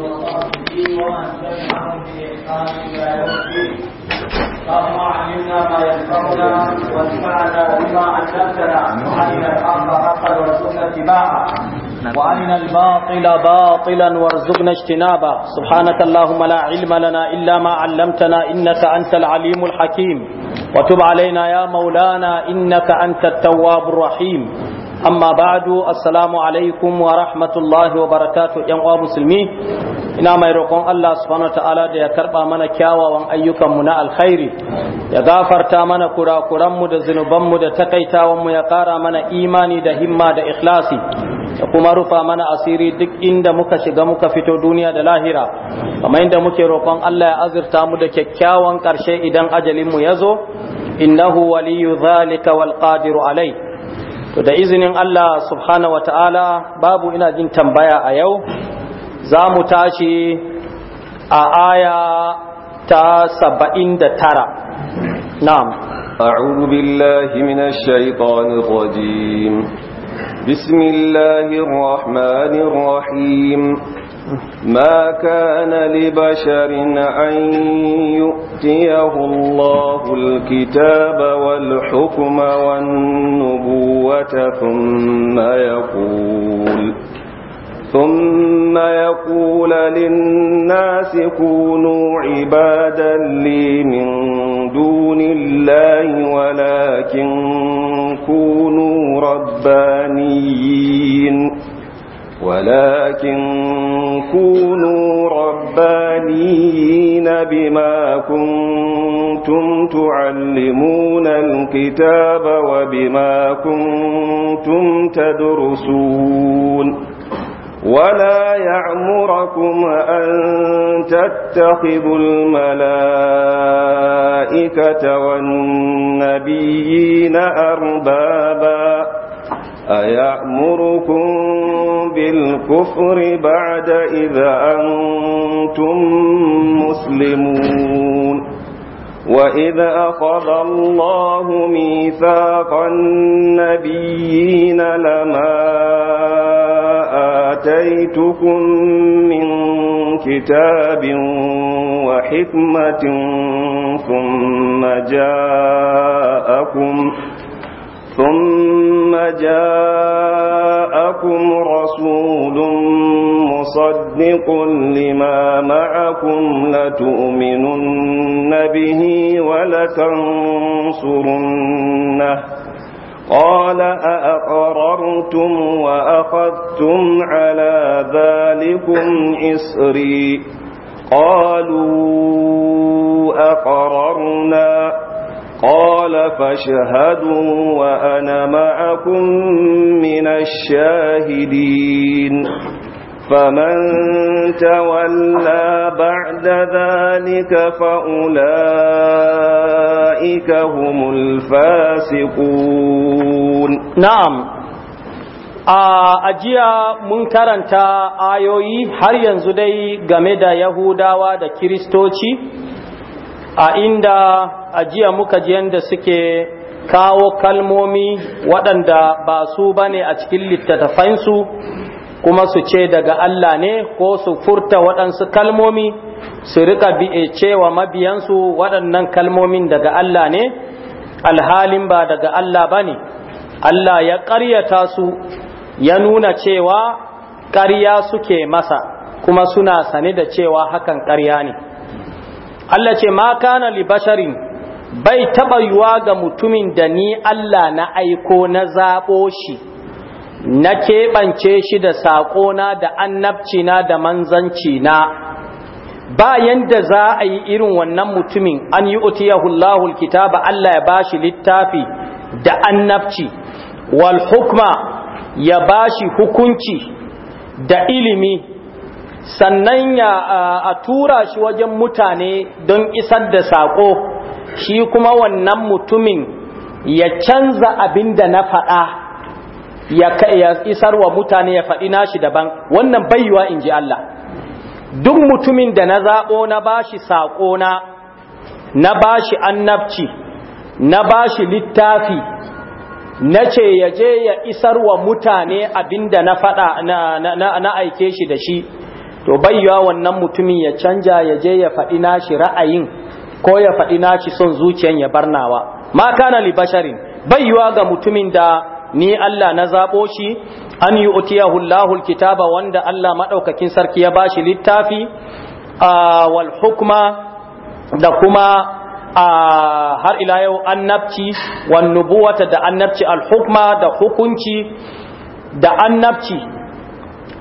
وصحبه وارنا الباطل باطلا وارزقنا اجتنابه سبحانك اللهم لا علم لنا الا ما علمتنا انك انت العليم الحكيم وتب علينا يا مولانا انك انت التواب الرحيم amma ba'du assalamu alaikum wa rahmatullahi wa barakatu yan uwa musulmi ina mai roƙon Allah subhanahu wa ta'ala da ya karba mana kyawawan ayyukanmu na alkhairi ya gafarta mana kurakuranmu da zunubanmu da takaitawan mu ya ƙara mana imani da himma da ikhlasi da kuma rufa mana asiri duk inda muka shiga muka fito duniya da lahira kamar inda muke roƙon Allah ya azurta mu da kyakkyawan ƙarshe idan ajalinmu ya zo innahu waliyu zalika wal qadiru alai to da izinin Allah subhanahu wata'ala babu ina jin tambaya a yau za mu tashi a aya ta saba'in da tara na'am أعوذ بالله من الشيطان الرجيم بسم الله الرحمن الرحيم ما كان لبشر أن يؤتيه الله الكتاب والحكم والنبوة ثم يقول ثم يقول للناس كونوا عبادا لي من دون الله ولكن كونوا ربانيين ولكن كونوا ربانيين بما كنتم تعلمون الكتاب وبما كنتم تدرسون ولا يعمركم أن تتخذوا الملائكة والنبيين أربابا أيأمركم بالكفر بعد إذا أنتم مسلمون وإذا أخذ الله ميثاق النبيين لما آتيتكم من كتاب وحكمة ثم جاءكم ثم جاءكم رسول مصدق لما معكم لتؤمنن به ولتنصرنه قال أأقررتم وأخذتم على ذلكم إسري قالوا أقررنا قال فاشهدوا وأنا معكم من الشاهدين فمن تولى بعد ذلك فأولئك هم الفاسقون نعم a منكرا تا آيوي هل ينزدي yanzu يهودا ودى كريستوتي a inda ajiya muka ji yadda suke kawo kalmomi waɗanda ba su ba ne a cikin littattafansu kuma su ce daga Allah ne ko su furta waɗansu kalmomi su rika cewa mabiyansu waɗannan kalmomin daga Allah ne alhalin ba daga Allah ba ne Allah ya ƙaryata su ya nuna cewa ƙarya suke masa kuma suna sane da cewa hakan ƙarya ne. Allah ce ma kana li basharin bai taɓa yuwa ga mutumin da ni Allah na aiko na zaɓo shi na keɓance shi da saƙona da na da manzanci na. ba yanda za a yi irin wannan mutumin an yi utiyahullahul kitaba Allah ya bashi littafi da annabci wal hukma ya bashi hukunci da ilimi sannan ya a tura shi wajen mutane don isar da saƙo shi kuma wannan mutumin ya canza abin da na faɗa ya isar wa mutane ya faɗi nashi daban wannan baiwa in ji Allah duk mutumin da na zaɓo na ba shi saƙo na na ba bashi annabci na ba shi littafi na ce ya je ya isar wa mutane abin da na faɗa na aike shi da shi to baiwa wannan mutumin ya canja ya je ya faɗi nashi ra'ayin ko ya faɗi nashi son zuciyan ya barnawa ma kana li basharin baiwa ga mutumin da ni Allah na zabo shi an yi utiyahu Allahul kitaba wanda Allah madaukakin sarki ya bashi littafi wal hukma da kuma har ila yau annabci wan nubuwata da annabci al hukma da hukunci da annabci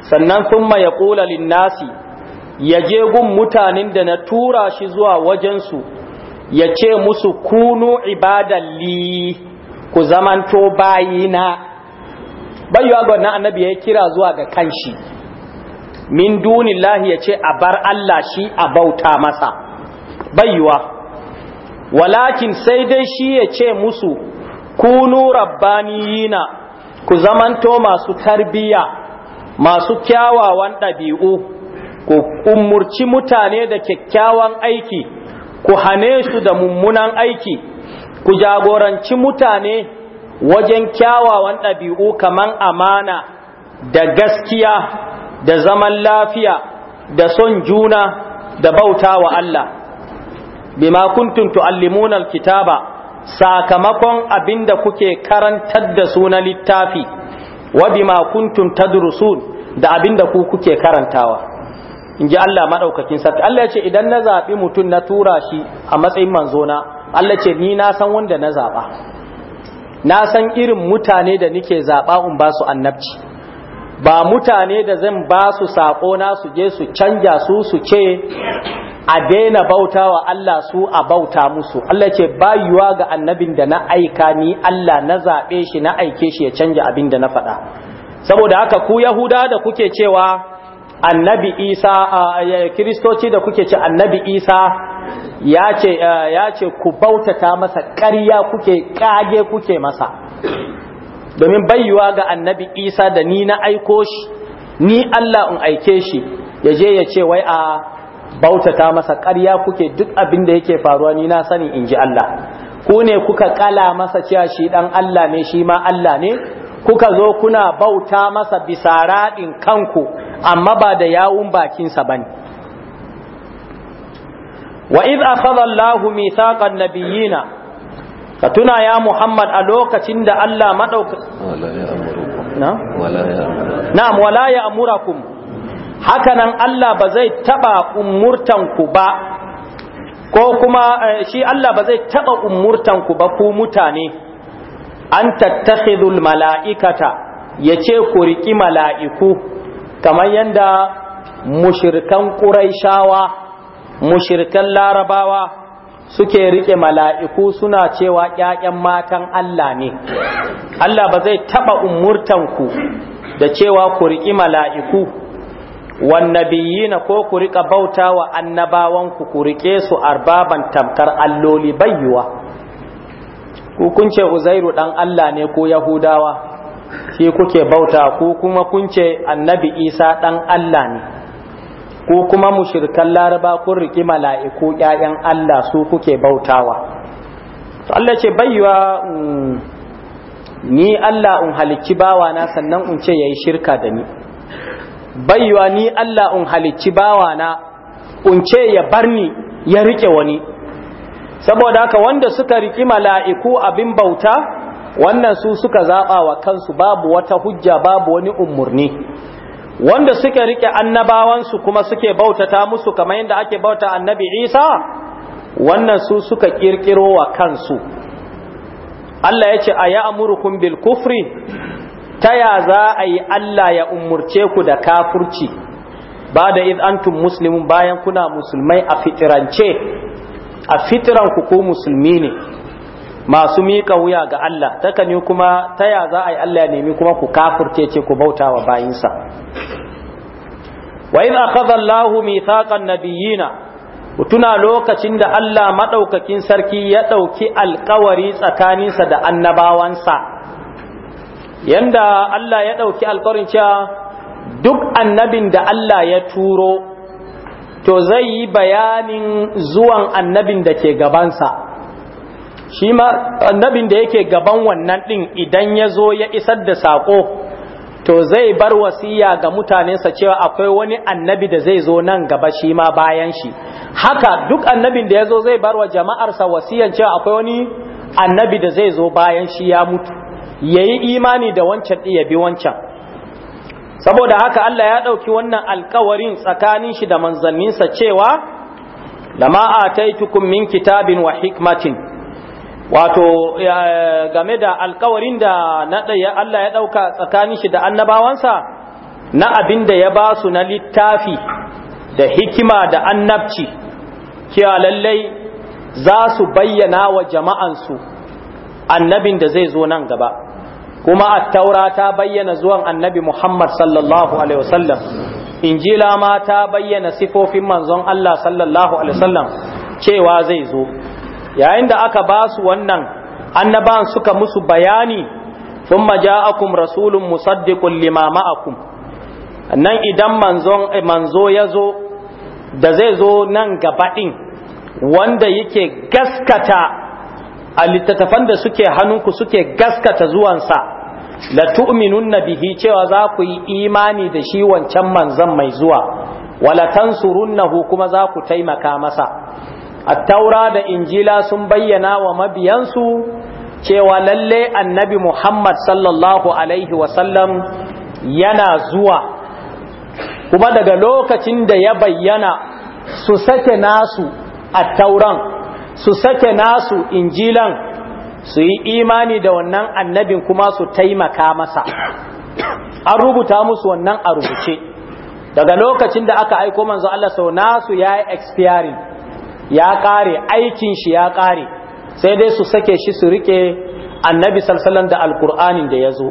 sannan sun ma ya ƙula linnasi ya je gun mutanen da na tura shi zuwa wajensu ya ce musu kunu ibadalli ku zamanto bayina bayyuwa ga wannan annabi ya kira zuwa ga kanshi min dunillahi ya ce a bar Allah shi a bauta masa bayyuwa walakin sai dai shi ya ce musu kunu rabbaniyina ku zamanto masu tarbiyya masu kyawawan ɗabi'u ku umurci mutane da kyakkyawan aiki ku hane su da mummunan aiki ku jagoranci mutane wajen kyawawan ɗabi'u kaman amana da gaskiya da zaman lafiya da son juna da bauta wa Allah bima kuntum tu'allimuna kitaba sakamakon abinda kuke karantar da su na littafi wa bima kuntum tadrusun da abinda ku kuke karantawa in ji Allah maɗaukakin sarki Allah ya ce idan na zaɓi mutum na tura shi a matsayin manzona Allah ce ni na san wanda na zaɓa na san irin mutane da nike zaɓa in ba su annabci ba mutane da zan ba su saƙo na su je su canja su su ce a daina bauta wa Allah su a bauta musu Allah ce bayuwa ga annabin da na aika ni Allah na zaɓe shi na aike shi ya canja abin da na faɗa saboda haka ku yahuda da kuke cewa annabi isa kiristoci da kuke ce annabi isa ya ce ya ce ku bautata masa ƙarya kuke ƙage kuke masa domin bayuwa ga annabi isa da ni na aiko shi ni Allah in aike shi ya je ya ce wai a bautata masa ƙarya kuke duk abin da yake faruwa ni na sani in ji Allah ku ne kuka kala masa cewa shi dan Allah ne shi ma Allah ne kuka zo kuna bauta masa bisa raɗin kanku amma ba da yawun bakinsa bane wa idh akhadha Allahu mithaqan nabiyina ka tuna ya Muhammad a lokacin da Allah madauka wala ya na'am wala ya amurakum hakanan Allah ba zai taba umurtanku ba ko kuma eh, shi Allah ba zai taba umurtanku ba ku mutane an tattakhidul mala'ikata yace ku riƙi mala'iku kamar yanda mushirkan quraishawa mushirkan larabawa suke riƙe mala'iku suna cewa ‘ya'yan matan Allah ne, Allah ba zai taɓa umurtanku da cewa ku riƙi mala'iku wannabiyina ko ku rika bauta wa annabawanku ku rike su arbaban tamkar alloli bayyuwa ku kunce uzairu dan Allah ne ko yahudawa shi kuke bauta ku kuma kunce annabi isa dan Allah ne ku kuma mushirkan laraba kun riƙi mala'iku ƴaƴan Allah su kuke bautawa to Allah ce bayyuwa mm, ni Allah in halicci bawa na sannan in ce yayi shirka da ni baiwa ni Allah in halicci bawana in ce ya barni ya rike wani saboda haka wanda suka riki mala'iku abin bauta wannan su suka zaɓa wa kansu babu wata hujja babu wani umurni wanda suka rike annabawansu kuma suke bautata musu kamar yadda ake bauta annabi isa wannan su suka ƙirƙiro wa kansu Allah ya ce a ya'murukum bil kufri Taya za a yi Allah ya umurce ku da kafurci ba da id antum muslimun bayan kuna musulmai a fitirance a fitiran ku ko musulmi ne masu miƙa wuya ga Allah taka ne kuma taya za a yi Allah ya nemi kuma ku kafurce ce ku bauta wa bayinsa wa in akhadha Allahu mithaqan nabiyina tuna lokacin da Allah maɗaukakin sarki ya ɗauki alkawari tsakaninsa da annabawansa yanda Allah ya ɗauki alkawarin cewa duk annabin da Allah ya turo to zai yi bayanin zuwan annabin da ke gabansa shi ma annabin da yake gaban wannan ɗin idan ya zo ya isar da saƙo to zai bar wasiya ga mutanensa cewa akwai wani annabi da zai zo nan gaba shi ma bayan shi haka duk annabin da ya zo zai bar wa jama'arsa wasiyan cewa akwai wani annabi da zai zo bayan shi ya mutu ya yi imani da wancan ɗin ya bi wancan saboda haka Allah ya ɗauki wannan alkawarin tsakanin shi da manzanninsa cewa lama ataitukum min kitabin wa hikmatin wato game da alkawarin da na ɗaya Allah ya ɗauka tsakanin shi da annabawansa na abin da ya ba su na littafi da hikima da annabci kiya lallai za su bayyana wa jama'ansu annabin da zai zo nan gaba kuma attaura ta bayyana zuwan annabi Muhammad sallallahu alaihi wasallam injila ma ta bayyana sifofin manzon Allah sallallahu alaihi wasallam cewa zai zo yayin da aka ba su wannan annaban suka musu bayani thumma ja'akum rasulun musaddiqun lima ma'akum nan idan manzon eh, manzo ya zo da zai zo nan gaba ɗin wanda yake gaskata a littattafan da suke hannunku suke gaskata zuwansa la tu'minunna bihi cewa za ku yi imani da shi wancan manzan mai zuwa wala tansurunnahu kuma za ku taimaka masa at-taura da injila sun bayyana wa mabiyansu cewa lalle annabi Muhammad sallallahu alaihi wasallam yana zuwa kuma daga lokacin da ya bayyana su sake nasu a tauran su sake nasu injilan su yi imani da wannan annabin kuma su taimaka masa an rubuta musu wannan a rubuce daga lokacin da aka aiko manzo Allah sau nasu ya yi expiring ya kare aikin shi ya kare sai dai su sake shi su rike annabi salsalan da alkur'anin da ya zo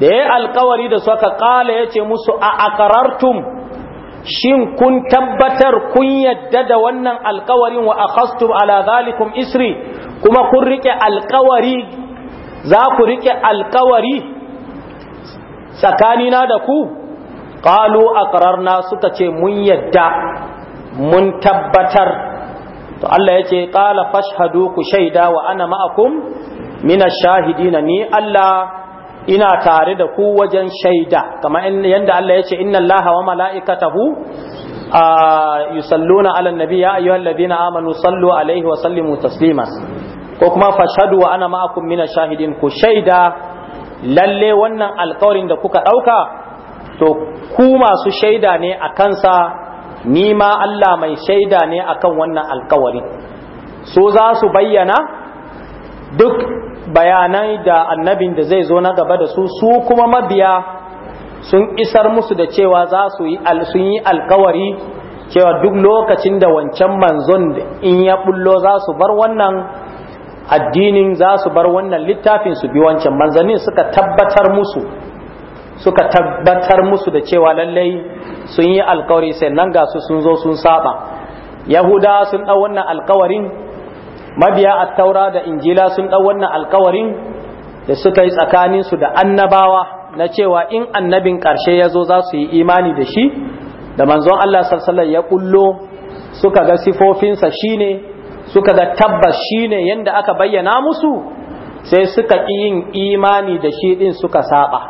da ya alkawari da suka kala ya ce musu a akarartum shin kun tabbatar kun yadda da wannan alkawarin wa akhastum ala zalikum isri kuma kun rike alkawari za ku rike alkawari tsakanina da ku a aqrarna suka ce mun yadda mun tabbatar to Allah yace ƙala fashhadu ku shaida wa ana ma'akum mina shahidina ni Allah ina tare da ku wajen shaida kamar yadda Allah ya ce inna allaha wa mala'ikatahu yusalluna ala nabi ya ayyuhal ladina amanu sallu alaihi wa sallimu taslima ko kuma Fashadu wa ana ma'akum mina shahidin ku shaida lalle wannan alƙawarin da kuka ɗauka. to ku masu shaida ne a kansa ni ma Allah mai shaida ne akan wannan alƙawarin so za su bayyana duk bayanai da annabin da zai zo na gaba da su su kuma mabiya sun isar musu da cewa za su yi sun yi alkawari cewa duk lokacin da wancan manzon in ya bullo za su bar wannan addinin za su bar wannan littafin su bi wancan manzannin suka tabbatar musu suka tabbatar musu da cewa lallai sun yi alkawari sai nan ga su sun zo sun saba yahuda sun ɗau wannan alkawarin mabiya attaura da injila sun ɗau wannan alkawarin da suka yi tsakaninsu da annabawa na cewa in annabin ƙarshe ya zo za su yi imani da shi da manzon Allah sallallahu ya kullo suka ga sifofinsa shine suka ga tabbas shine yadda aka bayyana musu sai suka ƙi yin imani da shi ɗin suka saba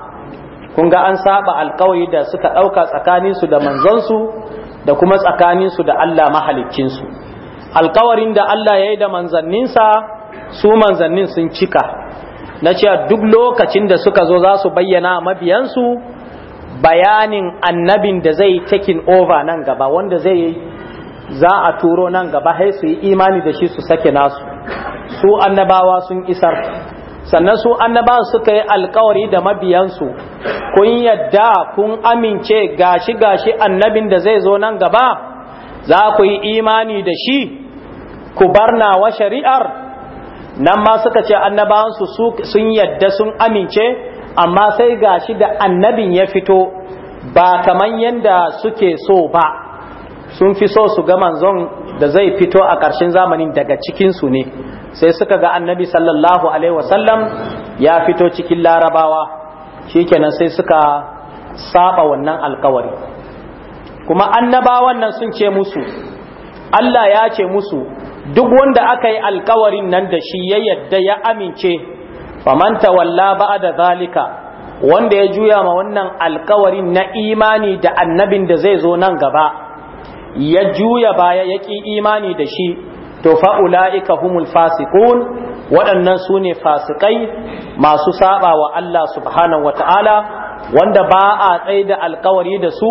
kun ga an saba alkawari da suka ɗauka tsakaninsu da manzonsu da kuma tsakaninsu da Allah mahalicinsu alkawarin da Allah ya yi da manzanninsa su manzannin sun cika na cewa duk lokacin da suka zo za su bayyana mabiyansu bayanin annabin da zai taking over nan gaba wanda zai za a turo nan gaba hai su yi imani da shi su sake nasu su annabawa sun isar sannan su annabawa suka yi alkawari da mabiyansu kun yadda kun amince gashi gashi annabin da zai zo nan gaba za ku yi imani da shi ku barna wa shari'ar nan ma suka ce annabawansu sun yadda sun amince amma sai ga shi da annabin ya fito ba kaman yadda suke so ba sun fi so su ga manzon da zai fito a ƙarshen zamanin daga cikinsu ne sai suka ga annabi sallallahu alaihi wasallam ya fito cikin larabawa shikenan sai suka saba wannan alkawari kuma annabawan nan sun ce musu Allah ya ce musu duk wanda aka yi alkawarin nan da shi ya yadda ya amince famanta tawalla ba'da zalika wanda ya juya ma wannan alkawarin na imani da annabin da zai zo nan gaba ya juya baya ya imani da shi to fa ulaika humul fasiqun waɗannan su ne fasikai masu saba wa Allah subhanahu wataala wanda ba a tsaida alkawari da su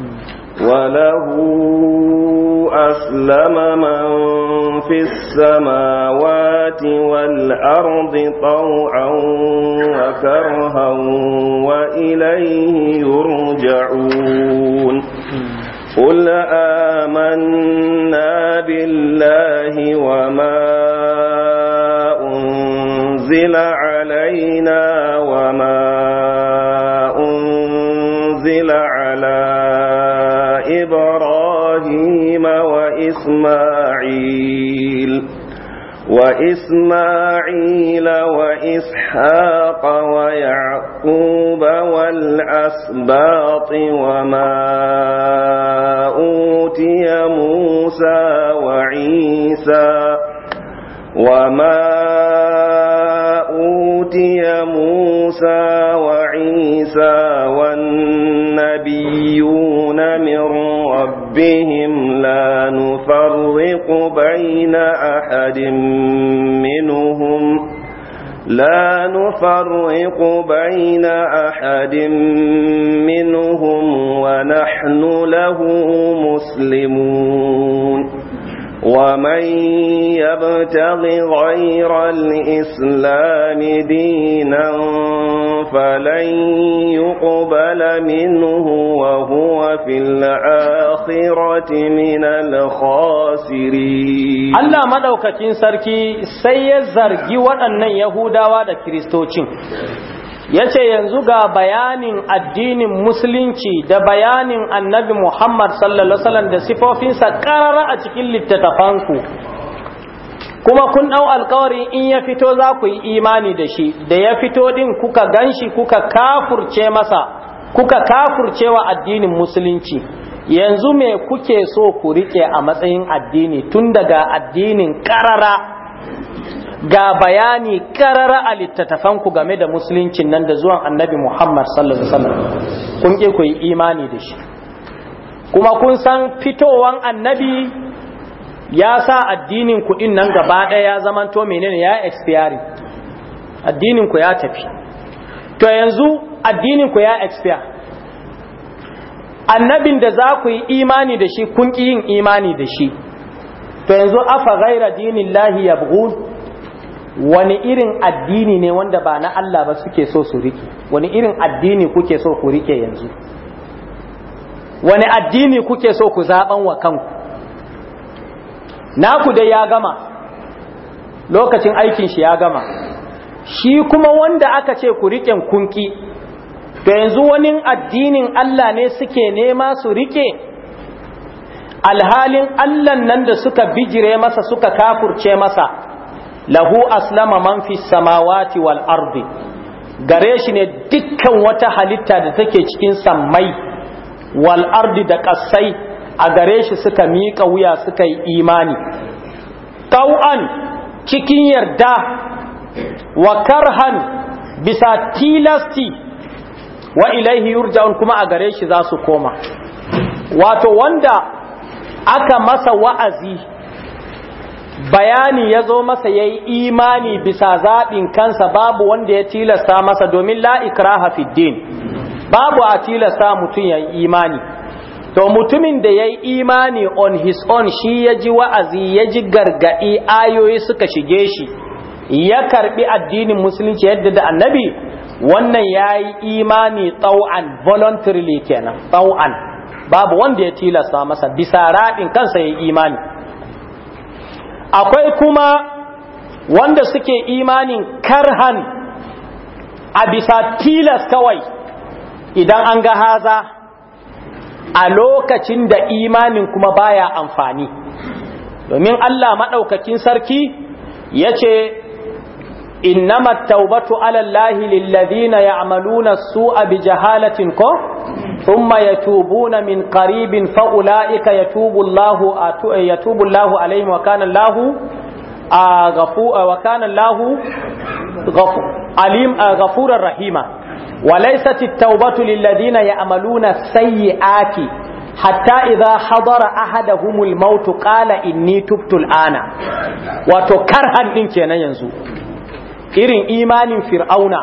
وله أسلم من في السماوات والأرض طوعا وكرها وإليه يرجعون قل آمنا بالله وما أنزل علينا وما وإسماعيل وإسماعيل وإسحاق ويعقوب والأسباط وما أوتي موسى وعيسى وما أوتي موسى وعيسى والنبيون من ربهم بين أحد منهم لا نفرق بين أحد منهم ونحن له مسلمون ومن يبتغ غير الإسلام دينا فلن يقبل منه وهو في الآخرة من الخاسرين الله ya سركي waɗannan Yahudawa يهودا Kiristocin, كريستوتين yace yanzu ga bayanin addinin musulunci da bayanin annabi Muhammad sallallahu alaihi wasallam da sifofinsa karara a cikin littattafanku kuma kun ɗau alkawari in ya fito za ku yi imani da shi da ya fito din kuka ganshi kuka kafurce masa kuka kafurce wa addinin musulunci yanzu me kuke so ku riƙe a matsayin addini tun daga addinin ƙarara ga bayani ƙarara a littattafanku game da musulunci nan da zuwan annabi Muhammad sallallahu alaihi wasallam kun ke ku yi imani da shi kuma kun san fitowan annabi ya sa addinin kuɗin nan gaba ɗaya ya to menene ya expire addinin ku ya tafi to yanzu addinin ku ya expire annabin da za ku yi imani da shi kun ƙi yin imani da shi to yanzu afa ghaira dinin lahi ya wani irin addini ne wanda ba na Allah ba suke so su rike wani irin addini kuke so ku rike yanzu wani addini kuke so ku zaɓan wa kanku naku dai ya gama lokacin aikin shi ya gama shi kuma wanda aka ce ku riƙen kunki to yanzu wani addinin Allah ne suke nema su riƙe alhalin Allah nan da suka bijire masa suka kafurce masa lahu aslama man fi samawati wal ardi gare shi ne dukkan wata halitta da take cikin sammai wal ardi da ƙasai a gare shi suka miƙa wuya suka yi imani tau'an cikin yarda wa karhan bisa tilasti wa ilaihi yurja'un kuma a gare shi za su koma wato wanda aka masa wa'azi bayani ya zo masa ya yi imani bisa zaɓin kansa babu wanda ya tilasta masa domin hafi din babu a tilasta mutum ya yi imani to mutumin da ya yi imani on his own shi ya ji wa'azi ya ji gargaɗi ayoyi suka shige shi ya karbi addinin musulunci yadda da annabi wannan ya yi imani tsau'an voluntarily kenan tsau'an babu wanda ya tilasta masa bisa raɗin kansa ya yi imani akwai kuma wanda suke imanin karhan a bisa tilas kawai idan an ga haza a lokacin da imanin kuma baya amfani domin Allah maɗaukakin sarki ya ce innama taubatu alallahi lillazina ya'maluna su'a bi jahalatin ko thumma yatubuna min qaribin fa ulaika yatubu Allahu yatubu Allahu alaihim wa kana Allahu ghafu wa kana Allahu alim ghafurar rahima وليست التوبة للذين يعملون السيئات حتى إذا حضر أحدهم الموت قال إني تبت الآن وتكرها إن كان ينزو إرن إيمان فرعون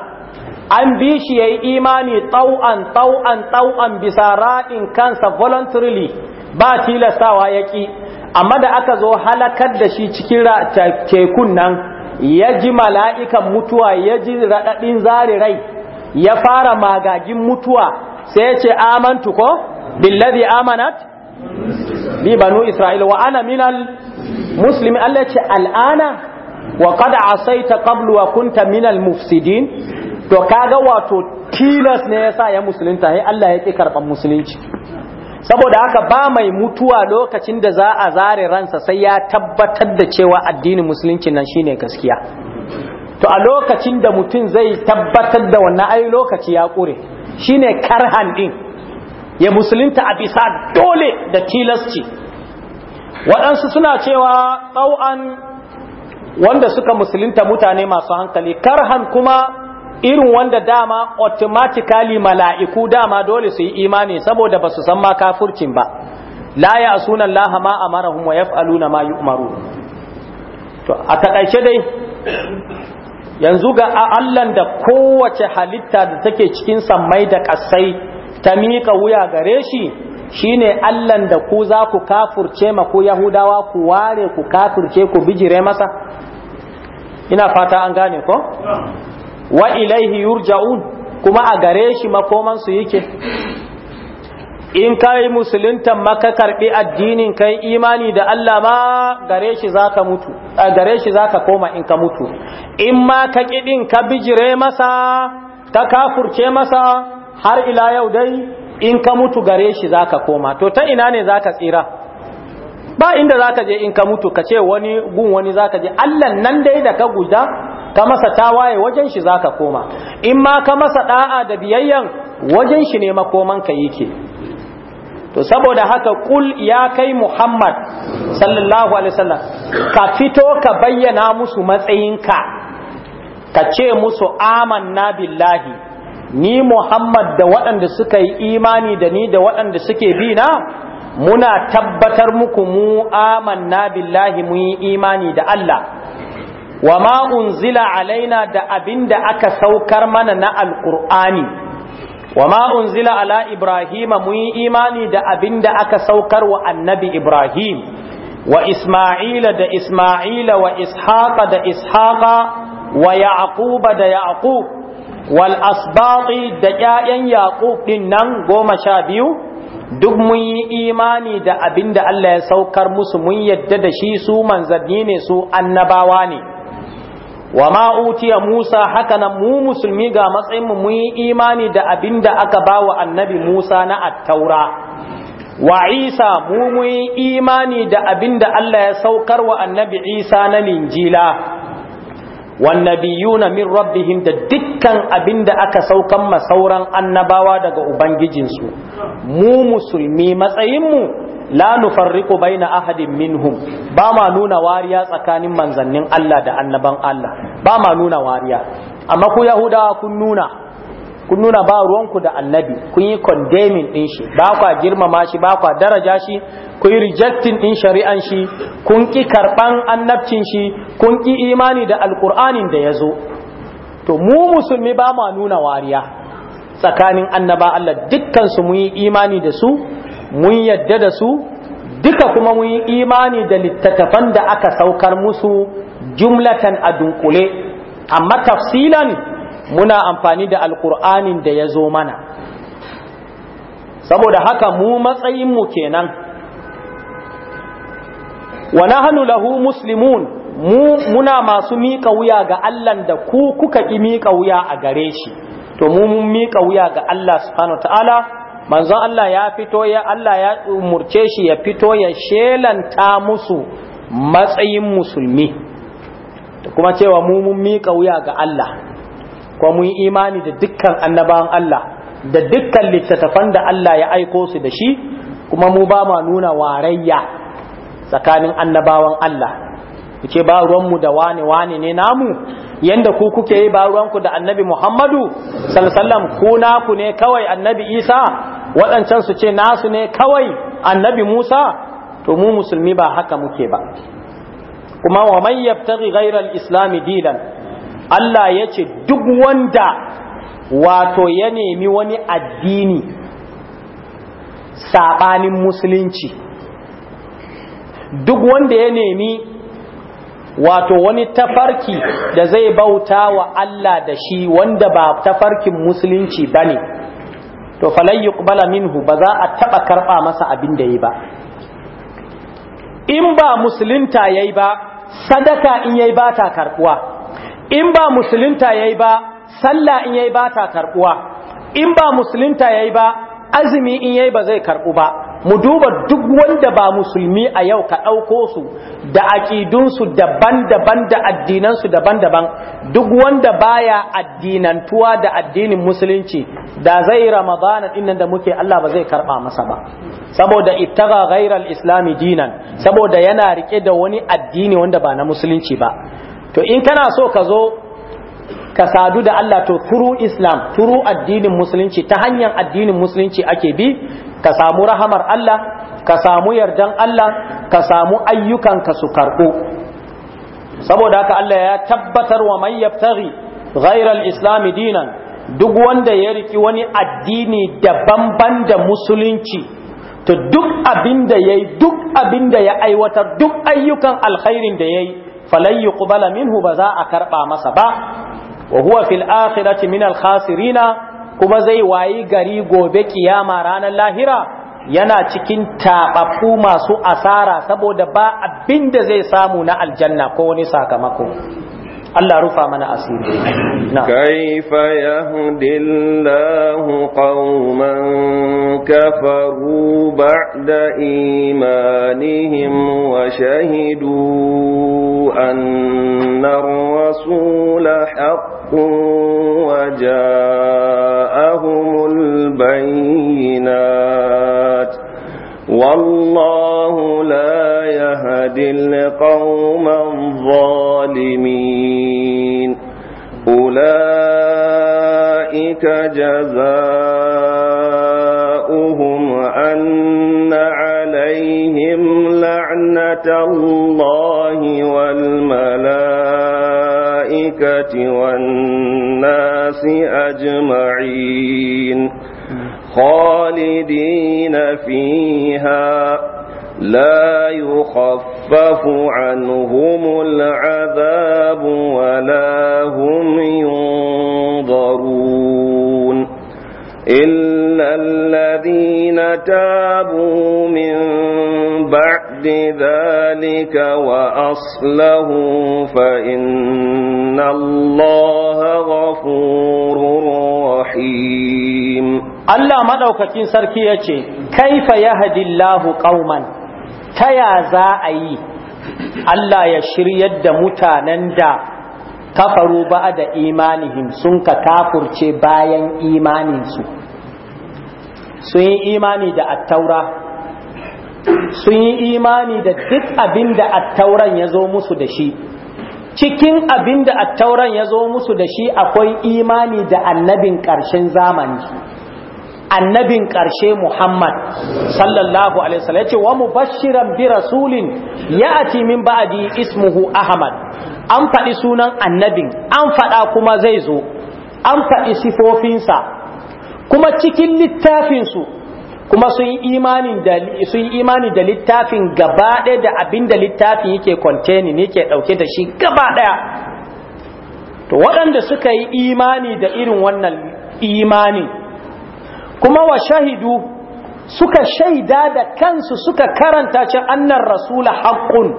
an bi shi ya yi imani tau'an tau'an tau'an bisa raɗin kansa voluntarily ba tilastawa ya ƙi amma da aka zo halakar da shi cikin tekun nan ya ji mala'ikan mutuwa ya ji raɗaɗin zari rai ya fara magagin mutuwa sai ya ce amantu ko billazi amanat bi banu isra'il wa ana minal muslimin Allah ce al'ana wa qad asaita qablu wa kunta minal mufsidin to kaga wato tilas ne yasa ya musulunta sai Allah ya ki karban musulunci saboda haka ba mai mutuwa lokacin da za a zare ransa sai ya tabbatar da cewa addinin musulunci nan shine gaskiya to a lokacin da mutum zai tabbatar da wannan ai lokaci ya kure shine karhan din ya musulunta a bisa dole da tilasci waɗansu suna cewa tsau'an wanda suka musulunta mutane masu hankali karhan kuma irin wanda dama automatically mala'iku dama dole su yi imani saboda ba su san ma kafurcin ba la ya asuna Allah ma amarahum wa yaf'aluna ma yu'maru to a takaice dai yanzu ga Allahn da kowace halitta da take cikin sammai da ƙasai ta miƙa wuya gare shi shine Allahn da ku za ku kafurce ma ku Yahudawa ku ware ku kafurce ku bijire masa ina fata an gane ko wa ilaihi yurja'un kuma a gare shi makoman su yake in ka yi musuluntan maka karɓi addinin kai imani da Allah ma gare shi za ka mutu gare shi za ka koma in ka mutu in ma ka ƙiɗin ka bijire masa ka kafurce masa har ila yau dai in ka mutu gare shi za ka koma to ta ina ne za ka tsira ba inda za ka je in ka mutu ka ce wani gun wani za ka je Allah nan dai da ka guda ka masa tawaye wajen shi zaka koma in ma ka masa da'a da biyayyan wajen shi ne makoman ka yake to saboda haka kul ya kai Muhammad sallallahu alaihi wasallam ka fito ka bayyana musu matsayinka ka ce musu amanna billahi ni Muhammad da waɗanda suka yi imani da ni da waɗanda suke bi na muna tabbatar muku mu amanna billahi mu yi imani da Allah wa ma unzila alaina da abinda aka saukar mana na alqur'ani wa ma'un unzila ala ibrahima mun yi imani da abin da aka saukar wa annabi ibrahim wa isma'ila da isma'ila wa ishaqa da ishaqa wa yaquba da yaqub wal asbaqi da 'ya'yan yaqub din nan goma sha biyu duk mun yi imani da abin da Allah ya saukar musu mun yadda da shi su manzanni ne su annabawa ne wa ma'utiya Musa haka nan mu musulmi ga matsayin mu mun yi imani da abinda aka bawa annabi Musa na attaura wa Isa mu mun yi imani da abinda Allah ya saukar wa annabi Isa na linjila wan nabiyuna min rabbihim da dukkan abinda aka saukan ma sauran annabawa daga ubangijinsu mu musulmi matsayinmu la nufarriqu baina ahadin minhum ba ma nuna wariya tsakanin manzannin Allah da annaban Allah ba ma nuna wariya amma ku yahudawa kun nuna kun nuna ba ruwanku da annabi kun yi condemning din shi ba kwa girmama shi ba kwa daraja shi kun yi rejectin din shari'an shi kun ki karban annabcin shi kun ki imani da alkur'anin da ya zo to mu musulmi ba ma nuna wariya tsakanin annaba Allah dukkan su mun yi imani da su mun yadda da su duka kuma mun yi imani da littattafan da aka saukar musu jumlatan a dunkule amma tafsilan muna amfani da alkur'anin da ya zo mana saboda haka mu matsayinmu kenan wa nahnu lahu muslimun mu muna masu miƙa wuya ga allah da ku kuka ki miƙa wuya a gare shi to mu mun miƙa wuya ga Allah subhanahu ta'ala manzon Allah ya fito ya Allah ya umurce shi ya fito ya shelanta musu matsayin musulmi da kuma cewa mu mun miƙa wuya ga Allah ko mun imani da dukkan annabawan Allah da dukkan littattafan da Allah ya aiko su da shi kuma mu ba ma nuna warayya tsakanin annabawan Allah ce ba ruwanmu da wane wane ne namu yanda ku kuke yi ba ruwanku da annabi Muhammadu sallallahu ku naku ne kawai annabi Isa waɗancan su ce nasu ne kawai annabi Musa to mu musulmi ba haka muke ba kuma wa man yabtaghi ghayra al-islam Allah ya ce duk wanda wato ya nemi wani addini saɓanin musulunci duk wanda ya nemi wato wani tafarki da zai bauta wa Allah da shi wanda ba tafarkin musulunci ba ne to falai yuqbala minhu ba za a taɓa karɓa masa abin da yi ba in ba musulunta ya yi ba sadaka in ya yi ba ta karɓuwa in ba musulunta yayi ba sallah in ya ba ta karbuwa in ba musulunta yayi ba azumi in ya ba zai karbu ba mu duba duk wanda ba musulmi a yau ka ɗauko su da aƙidunsu daban-daban da addinansu daban-daban duk wanda baya addinantuwa da addinin musulunci da zai ramadana dinnan da muke Allah ba zai karɓa masa ba saboda ittaga ghairal islami dinan saboda yana rike da wani addini wanda ba na musulunci ba to in kana so ka zo ka sadu da Allah to turu islam turu addinin musulunci ta hanyar addinin musulunci ake bi ka samu rahamar Allah ka samu yardan Allah ka samu ayyukanka su karɓo saboda haka Allah ya tabbatar wa man yaftaghi ghayra islam dinan duk wanda ya riki wani addini daban-ban da musulunci to duk abin da ya yi duk abin da ya aiwatar duk ayyukan alkhairin da ya yi falan ƙubala minhu ba za a karɓa masa ba wa huwa fil akhirati min al khasirina kuma zai wayi gari gobe kiyama ranar lahira yana cikin taɓaɓɓu masu asara saboda ba abin da zai samu na aljanna ko wani sakamako Allah rufa mana asiri kaifa yahdillahu qauman kafaru ba'da imanihim wa shahidu anna ar-rasula haqqun wa ja'ahumul bayyinat والله لا يهدي فصله فإن الله غفور رحيم الله مدوكتين سركية كيف يهدي الله قوما تيا زائي الله يشري يد متانندا kafaru ba da imanihim sun ka kafurce bayan imaninsu sun yi imani da attaura sun yi imani da duk abin da attauran ya zo musu da shi cikin abin da attauran ya zo musu da shi akwai imani da annabin ƙarshen zamani annabin ƙarshe Muhammad sallallahu alaihi wasallam yace wa mubashiran bi rasulin ya'ti min ba'di ismuhu Ahmad an faɗi sunan annabin an faɗa kuma zai zo an faɗi sifofinsa kuma cikin littafinsu kuma sun yi imani da littafin gaba ɗaya da abin da littafin yake containing ke ɗauke da shi gaba ɗaya to waɗanda suka yi imani da irin wannan imani kuma wa shahidu suka shaida da kansu suka karanta ce annan rasula haƙƙun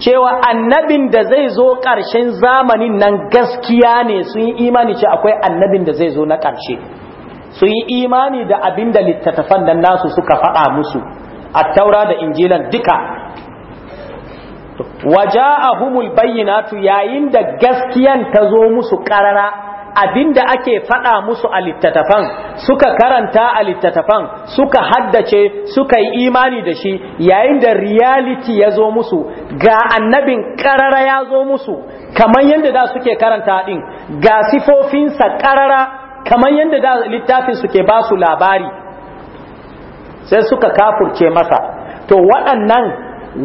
cewa annabin da zai zo ƙarshen zamanin nan gaskiya ne sun yi imani ce akwai annabin da zai zo na ƙarshe su yi imani da abin da littattafan nan nasu suka faɗa musu a taura da injilan duka waja'ahumul bayyinatu yayin da gaskiyan ta zo musu ƙarara abinda ake faɗa musu a littattafan suka karanta a littattafan suka haddace suka yi imani da shi yayin da reality ya zo musu ga annabin ƙarara ya zo musu kamar yadda da suke karanta ɗin ga sifofinsa ƙarara kamar yadda da littafin suke ke ba su labari sai suka kafurce masa to waɗannan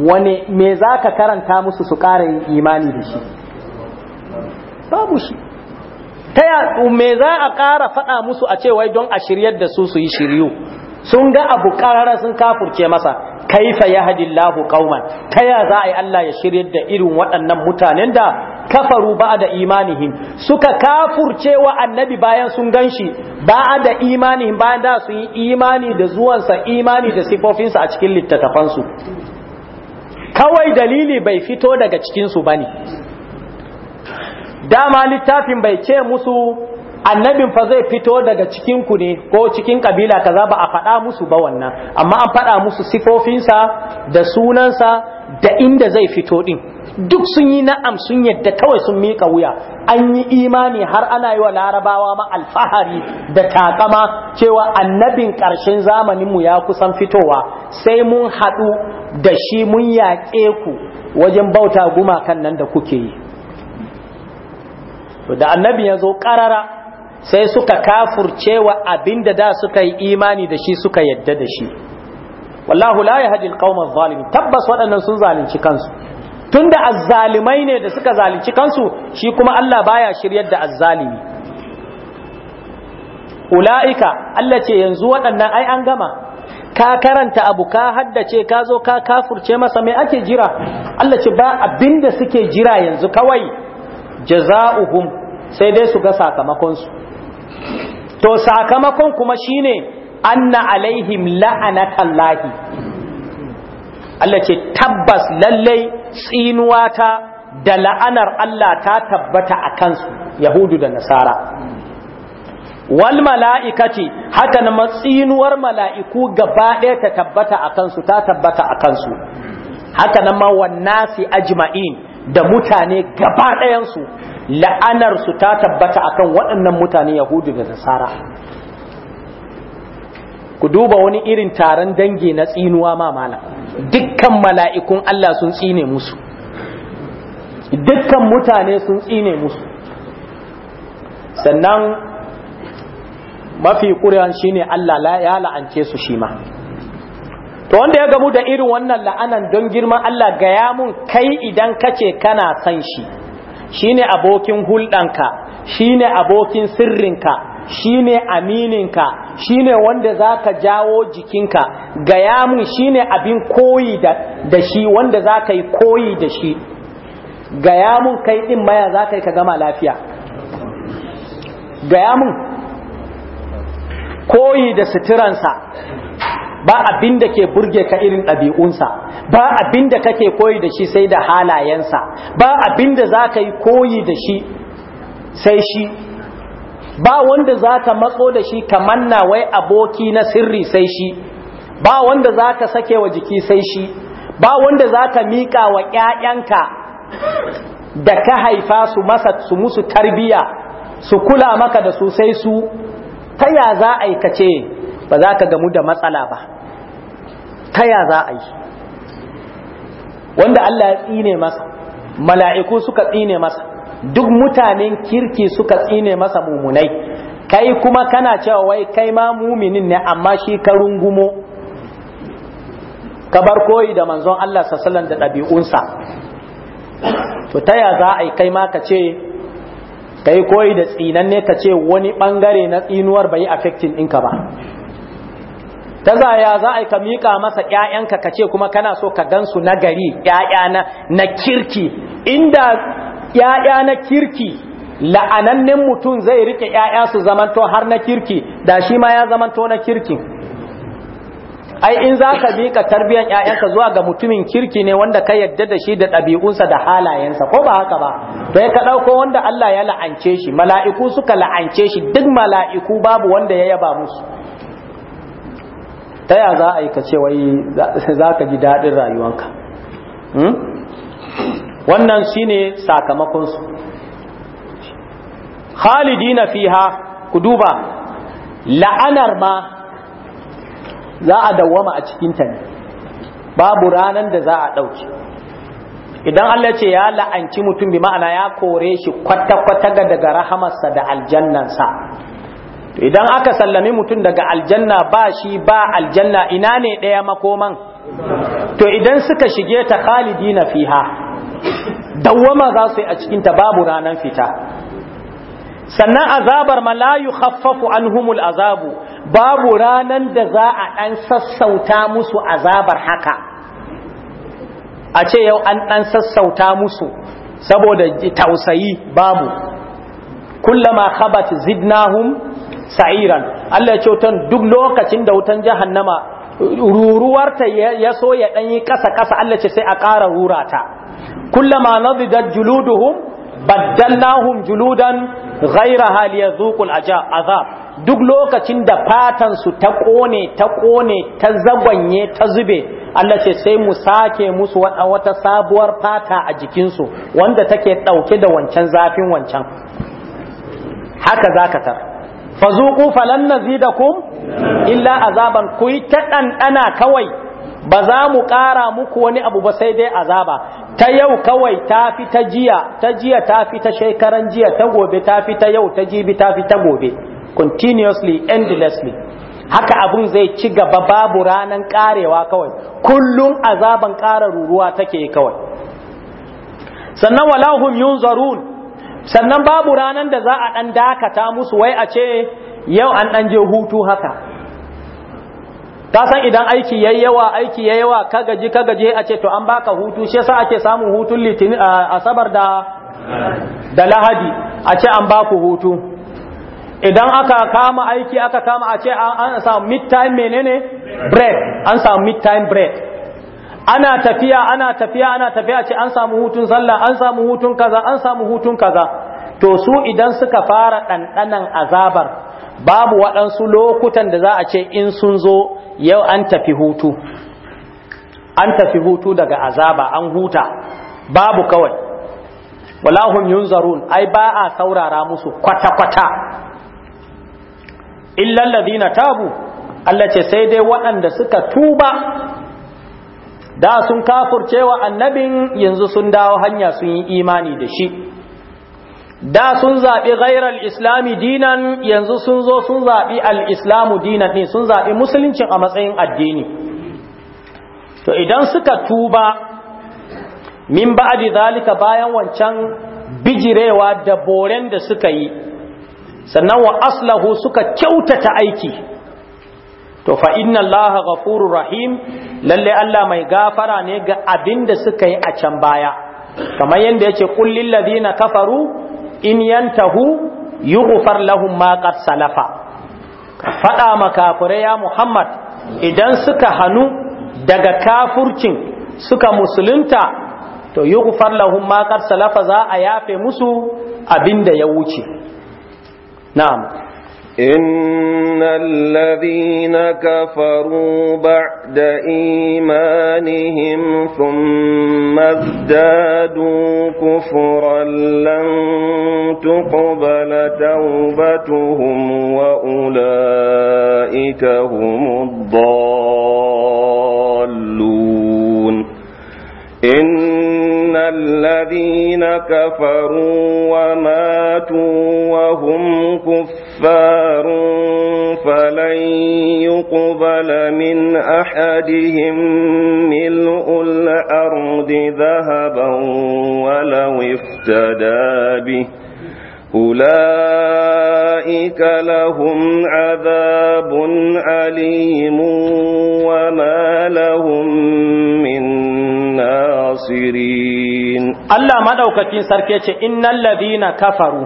wane me za ka karanta musu su ƙara imani da shi babu shi ta yadu me za a ƙara faɗa musu a ce don a shiryar da su su yi shiryu sun ga abu ƙarara sun kafurce masa kaifa yahdillahu ƙauman ta ya za a yi Allah ya shiryar da irin waɗannan mutanen da kafaru ba'da imanihim suka kafurce wa annabi bayan sun ganshi ba'da imanihim bayan da su yi imani da zuwansa imani da sifofinsa a cikin littattafansu kawai dalili bai fito daga cikinsu bane dama littafin bai ce musu annabin fa zai fito daga cikinku ne ko cikin kabila kaza ba a faɗa musu ba wannan amma an faɗa musu sifofinsa da sunansa da inda zai fito ɗin duk sun yi na'am sun yadda kawai sun mika wuya an yi imani har ana yi wa larabawa ma alfahari da takama cewa annabin ƙarshen zamaninmu ya kusan fitowa sai mun haɗu da shi mun yaƙe ku wajen bauta gumakan nan da kuke yi da annabi ya zo ƙarara sai suka kafurcewa abinda da suka yi imani da shi suka yadda da shi wallahu la yahdi alqawma adh-dhalimin tabbas waɗannan sun zalunci kansu tunda azzalimai ne da suka zalunci kansu shi kuma Allah baya shiryar da azzalimi ula'ika Allah ce yanzu waɗannan ai an gama ka karanta abu ka haddace ka zo ka kafurce masa mai ake jira Allah ce ba abinda suke jira yanzu kawai jaza'uhum sai dai su ga sakamakonsu to sakamakon kuma shine anna alaihim la'anatallahi Allah ce tabbas lallai tsinuwa ta da la'anar Allah ta tabbata a kansu yahudu da nasara wal mala'ikati haka na matsinuwar mala'iku gaba ɗaya ta tabbata a kansu ta tabbata a kansu haka na nasi ajma'in da mutane gaba ɗayansu la'anarsu ta tabbata akan waɗannan mutane yahudu da nasara ku duba wani irin taron dangi na tsinuwa ma malam dukkan mala'ikun Allah sun tsine musu dukkan mutane sun tsine musu sannan mafi ƙuri'an ne Allah ya la'ance su shi ma to wanda ya gamu da irin wannan la'anan don girman Allah gaya mun kai idan kace kana san shi shi ne abokin hulɗanka ne abokin sirrinka shine amininka shine wanda zaka jawo jikinka gaya mun shine abin koyi da, da shi wanda zaka yi koyi da shi gaya mun kai din maya zaka yi ka gama lafiya gaya mun koyi da suturansa ba abin da ke burge ka irin ɗabi'unsa ba abin da kake koyi da shi sai da halayensa ba abin da za ka yi koyi da shi sai shi ba wanda za ta matso da shi ta manna wai aboki na sirri sai shi ba wanda za ka sake wa jiki sai shi ba wanda za ka miƙa wa ƴaƴanka da ka haifa su masa su musu tarbiya su kula maka da su sai su ta ya za a yi ka ba za ka gamu da matsala ba ta ya za a yi wanda Allah ya tsine masa mala'iku suka tsine masa duk mutanen kirki suka tsine masa mumunai kai kuma kana cewa wai kai ma muminin ne amma shi ka rungumo ka bar koyi da manzon Allah sallallahu da ɗabi'unsa to ta ya za a yi kai ma ka ce kai koyi da tsinan ne ka ce wani bangare na tsinuwar bai affecting ɗinka ba ta za ya za a yi ka miƙa masa ƴaƴanka ka ce kuma kana so ka gansu na gari ƴaƴa na kirki inda ‘ya'ya na kirki la'anannen mutum zai rike ‘ya'ya su zamanto har na kirki da shi ma ya zamanto na kirki ai in za ka miƙa tarbiyyar ‘ya'yanka zuwa ga mutumin kirki ne wanda ka yadda da shi da ɗabi'unsa da halayensa ko ba haka ba to ya ka ɗauko wanda Allah ya la'ance shi mala'iku suka la'ance shi duk mala'iku babu wanda ya yaba musu ta ya za a yi ka ce wai za ka ji daɗin rayuwanka hmm? wannan shine sakamakonsu khalidina fiha ku duba la'anar ma za a dawwama a cikinta ne babu ranar da za a ɗauki idan Allah ce ya la'anci mutum bi ma'ana ya kore shi kwata-kwata daga rahamarsa da aljannansa idan aka sallami mutum daga aljanna ba shi ba aljanna ina ne ɗaya makoman to idan suka shige ta khalidina fiha dawwama za su yi a cikinta babu ranar fita sannan azabar ma la yukhaffafu anhumul azabu babu ranan da za a dan sassauta musu azabar haka a ce yau an ɗan sassauta musu saboda tausayi babu kullama khabat zidnahum sa'iran Allah ya ce wutan duk lokacin da wutan jahannama ruruwarta ya so ya ɗanyi ƙasa-ƙasa Allah ce sai a ƙara rurata kullama nadidar juluduhum baddallahum juludan ghaira hali ya zuƙul azab duk lokacin da fatan su ta ƙone ta ƙone ta zagwanye ta zube Allah ce sai mu sake musu wata sabuwar fata a jikinsu wanda take ɗauke da wancan zafin wancan haka za ka tar fazuku falan nazidakum illa azaban ku yi ta ɗanɗana kawai ba za mu ƙara muku wani abu ba sai dai azaba ta yau kawai ta fi ta jiya ta jiya ta fi ta shekaran jiya ta gobe ta fi ta yau ta jibi ta fi ta gobe continuously endlessly haka abun zai ci gaba babu ranan ƙarewa kawai kullum azaban ƙara ruruwa take kawai sannan walahum yunzarun sannan babu ranar da za a ɗan dakata musu wai a ce yau an ɗan je hutu haka ta san idan aiki yayi yawa aiki yayi yawa ka gaji ka gaji a ce to an baka hutu shi yasa ake samun hutun litinin sabar da da lahadi a ce an baku hutu idan aka kama aiki aka kama a ce an samu mid time menene break an samu mid time break ana tafiya ana tafiya ana tafiya ce an samu hutun sallah an samu hutun kaza an samu hutun kaza to su idan suka fara ɗanɗanan azabar babu waɗansu lokutan da za a ce in sun zo yau an tafi hutu an tafi hutu daga azaba an huta babu kawai walahum yunzarun ai ba a saurara musu kwata-kwata illal na tabu Allah ce sai dai waɗanda suka tuba da sun kafurcewa annabin yanzu sun dawo hanya sun yi imani da shi da sun zaɓi ghairar islami dinan yanzu sun zo sun zaɓi al'islamu dinan ɗin sun zaɓi musuluncin a matsayin addini to idan suka tuba min ba'adi zalika bayan wancan bijirewa da boren da suka yi sannan wa aslahu suka kyautata aiki to fa inna allaha ghafurur rahim lalle Allah mai gafara ne ga abin da suka yi a can baya kamar yadda yake qul lil ladina kafaru in yantahu yughfar lahum ma qad salafa fada makafirai ya Muhammad idan suka hanu daga kafurcin suka musulunta to yughfar lahum ma qad salafa za a yafe musu abin da ya wuce na'am إن الذين كفروا بعد إيمانهم ثم ازدادوا كفرا لن تقبل توبتهم وأولئك هم الضالون إن الذين كفروا وماتوا وهم كفار فلن يقبل من أحدهم ملء الأرض ذهبا ولو افتدى به أولئك لهم عذاب أليم وما لهم من ناصرين Allah maɗaukakin sarki ce innal ladina kafaru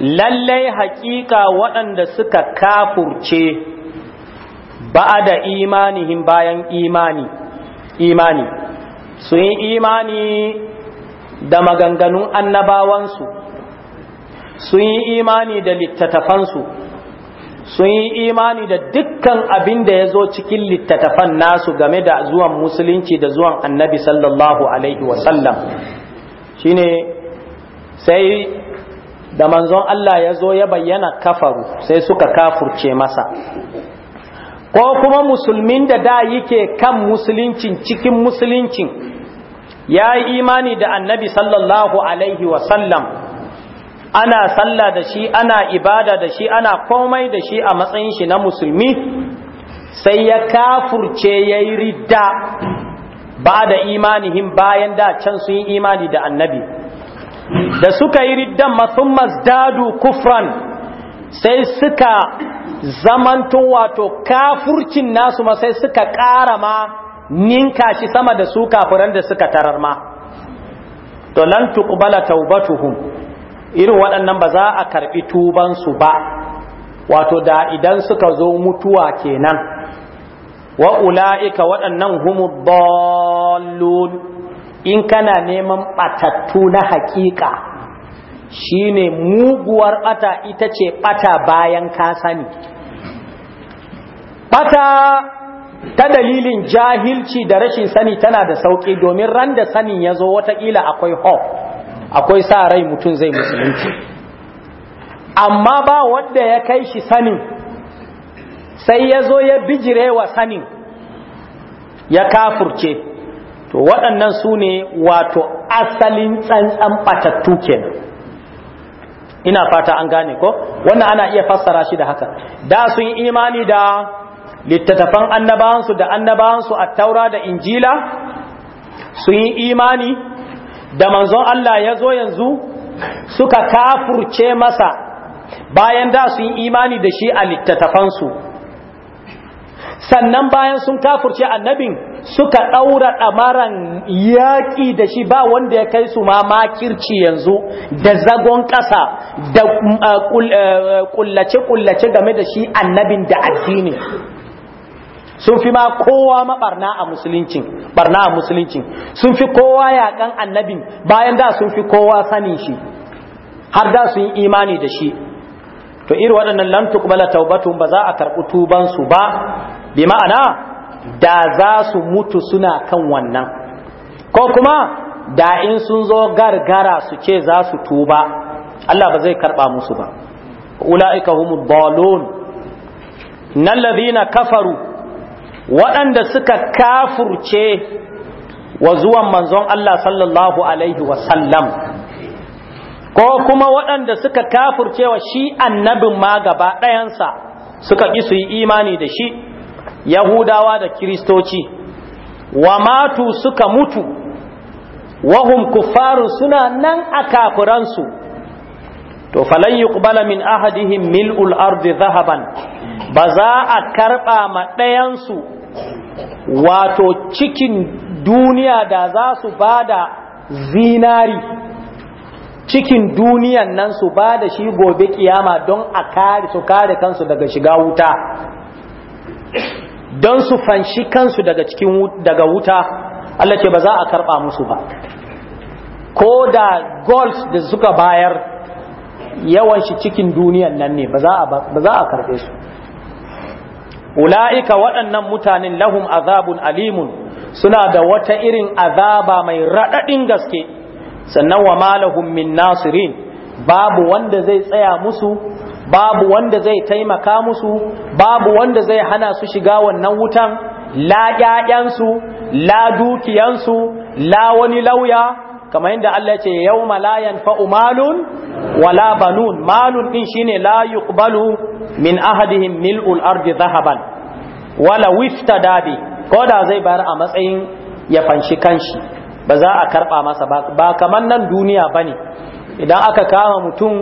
lallai haƙiƙa waɗanda suka kafurce ba da imanihin bayan imani imani su yi imani da maganganun annabawansu sun yi imani da littattafansu sun yi imani da dukkan abin da ya zo cikin littattafan nasu game da zuwan musulunci da zuwan annabi sallallahu alaihi wasallam shine sai da manzon Allah ya zo ya bayyana kafaru sai suka kafurce masa ko kuma musulmin da da yake kan musuluncin cikin musuluncin ya yi imani da annabi sallallahu alaihi wasallam ana sallah da shi ana ibada da shi ana komai da shi a matsayin shi na musulmi sai ya kafurce ya yi ridda ba da imanihim bayan da can sun yi imani da annabi da suka yi riddan masun mazdadu kufran sai suka zaman tun wato kafurcin nasu ma sai suka ƙara ma ninka shi sama da su kafiran da suka tarar ma to lan tuqbala taubatuhum irin waɗannan ba za a karɓi tubansu ba wato da idan suka zo mutuwa kenan wa ula'ika waɗannan humu in kana neman ɓatattu na haƙiƙa shine muguwar ɓata ita ce ɓata bayan ka sani ɓata ta dalilin jahilci da rashin sani tana da sauƙi domin ran da sanin ya zo watakila akwai hope akwai sa rai mutum zai musulunci amma ba wanda ya kai shi sanin sai ya zo ya bijire wa sanin ya kafurce to waɗannan su ne wato asalin tsantsan ɓatattu kenan ina fata an gane ko wannan ana iya fassara shi da haka da sun yi imani da littattafan annabawansu da annabawansu a taura da injila sun yi imani da manzon Allah ya zo yanzu suka kafurce masa bayan da su yi imani da shi a littattafansu sannan bayan sun kafurce annabin suka ɗaura ɗamaran yaƙi da shi ba wanda ya kai su ma makirci yanzu da zagon ƙasa da mm, eh, ƙullace-ƙullace game da shi annabin da addini. sun fi ma kowa maɓarna a musuluncin barna a musuluncin sun fi kowa yaƙan annabin bayan da sun fi kowa sanin shi har da sun yi imani da shi to iri waɗannan lam tuqbala taubatun ba za a karɓi tubansu su ba bi ma'ana da za su mutu suna kan wannan ko kuma da in sun zo gargara su ce za su tuba Allah ba zai karɓa musu ba ula'ika humud dalun nan ladina kafaru waɗanda suka kafurce wa zuwan manzon Allah sallallahu Alaihi wasallam ko kuma waɗanda suka kafurce wa shi annabin ma gaba ɗayansa suka ƙi su yi imani da shi yahudawa da kiristoci wa matu suka mutu wahum kufaru suna nan a kafuransu to falan yuqbala min ahadihim mil'ul ardi zahaban ba za a karɓa ma ɗayansu wato cikin duniya da za su ba da zinari cikin duniyan nan su ba da shi gobe kiyama don a kare su kare kansu daga shiga wuta don su fanshi kansu daga cikin daga wuta Allah ce ba za a karba musu ba ko da gold da suka bayar yawan shi cikin duniyan nan ne ba za a karbe su ula'ika waɗannan mutanen lahum azabun alimun suna da wata irin azaba mai raɗaɗin gaske sannan wa malahum min nasirin babu wanda zai tsaya musu babu wanda zai taimaka musu babu wanda zai hana su shiga wannan wutan la ƴaƴansu la dukiyansu la wani lauya kamar yadda Allah ya ce yawma la yanfa'u wala banun malun din shine la yuqbalu min ahadihim mil'ul ardi dhahaban wala wifta dabi ko da zai bayar a matsayin ya fanshi kanshi ba za a karɓa masa ba ba kamar nan duniya bane idan aka kama mutum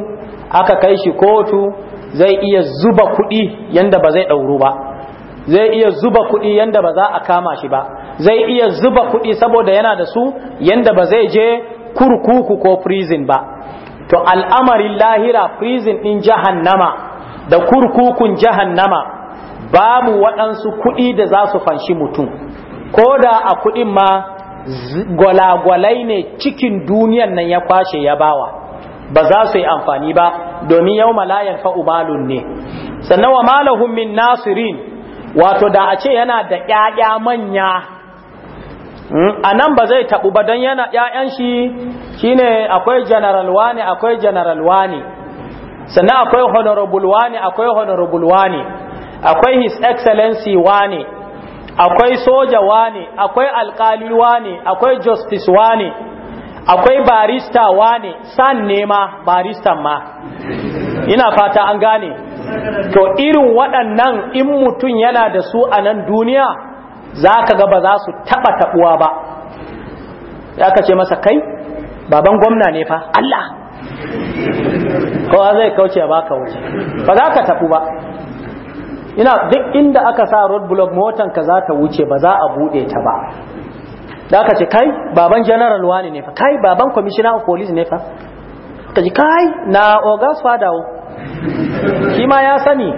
aka kai shi kotu zai iya zuba kuɗi yanda ba zai ɗauru ba zai iya zuba kuɗi yanda ba za a kama shi ba zai iya zuba kuɗi saboda yana da su yanda ba zai je kurkuku ko prison ba to al'amarin lahira prison ɗin jahannama da kurkukun jahannama babu waɗansu kuɗi da za su fanshi mutum ko da a kuɗin ma gwalagwalai ne cikin duniyan nan ya kwashe ya bawa ba za su yi amfani ba domin yau malayan fa’ubalun ne sannan wa malahun min nasirin wato da a ce yana da ƴaƴa manya hmm, a nan ba zai taɓu ba don yana ƴaƴan shi shine akwai general wani akwai general wani sannan akwai honorable wani akwai honorable wani akwai his excellency wani akwai soja wani akwai alkali wani akwai justice wani akwai barista wane san nema baristan ma ina fata an gane to irin waɗannan in mutum yana da su a nan duniya za ka ga ba za su taɓa taɓuwa ba ya ka ce masa kai baban gwamna ne fa Allah kawai zai kauce ba ka wuce ba za ka taɓu ba ina duk inda aka sa road block motanka za ta wuce ba za a buɗe ta ba da aka ce kai baban general wani ne fa kai baban commissioner of police ne fa ka ji kai na ogas fadawo shi ma ya sani